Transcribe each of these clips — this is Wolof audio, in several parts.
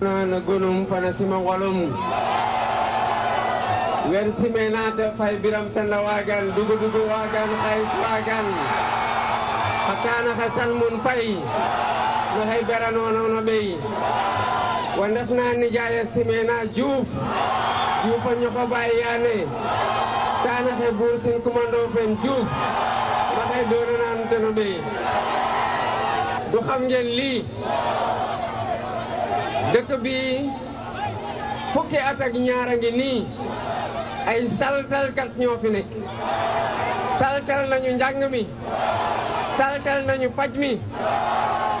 nagoonum fana simangoolum wer fay biram penda waagan dugu dugu waagan ays waagan hakkaana ka salmun fay no hay beranono no ɓey wo ndefna nijaaya simena juuf juufa ñoko yaane taana buur sin kumandoo juuf no hay doonanaan te no ɓey du xam ngeen lii dëkk bi fukki at ak ñaar a ngi nii ay saltalkat ñoo fi nekk saltal nañu njàng mi saltal nañu paj mi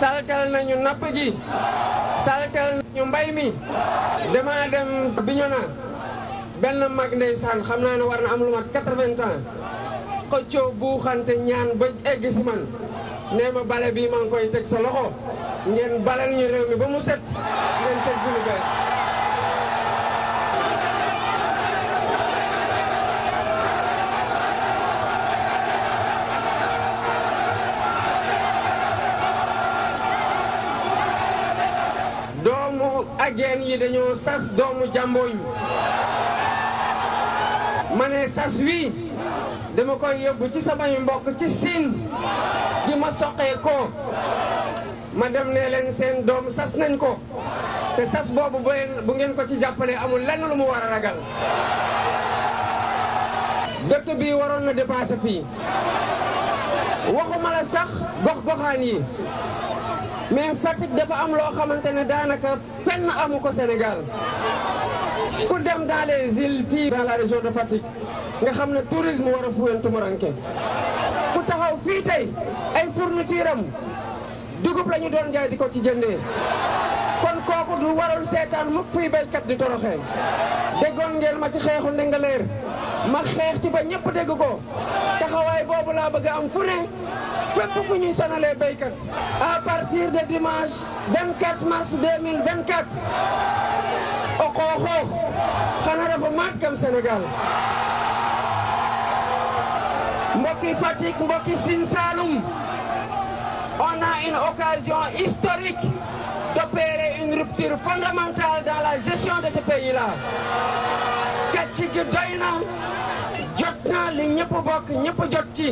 saltal nañu napp ji saltal nañu mbay mi dama dem Bignona benn mag ndeysaan xam naa ni war na am lu mat quatre-vingts ans xëccoo buuxante ñaan ba egg si man nee ma bale bii maa koy teg sa loxo ngeen balal ñu réew mi ba mu set ngeen teg fi lu bees doomu ageen yi dañoo sas doomu jàmbooñ ma ne sas wi dama koy yóbbu ci samay mbokk ci siin gi ma soqee ko ma dem ne leen seen doom sas nañ ko te sas boobu bu ngeen ko ci jàppale amul lenn lu mu war a ragal dëkk bii waroon na dépassé fii waxuma la sax gox-goxaan yi mais Fatick dafa am loo xamante ne daanaka fenn amu ko Sénégal ku dem dans les îles fii dans la région de Fatick nga xam ne tourisme war a fuwen tumuranke ku taxaw fii tey ay fourniture am dugub lañu ñu doon jaay di ko ci jëndee kon kooku du waral seetaan mukk fuy béykat di toroxee déggoon ngeen ma ci xeexu ndengaleer ma xeex ci ba ñëpp dégg ko taxawaay boobu laa bëgg am fu ne fépp fu ñuy sonalee béykat à partir de dimanche 24 mars 2024 o xooxoox xana refu maat kam Sénégal mbokki Fatick mbokki Sine Saloum on a une occasion historique d'opérer une rupture fondamentale dans la gestion de ce pays-là càcc gi doy na jot na li ñëpp bokk ñëpp jot ci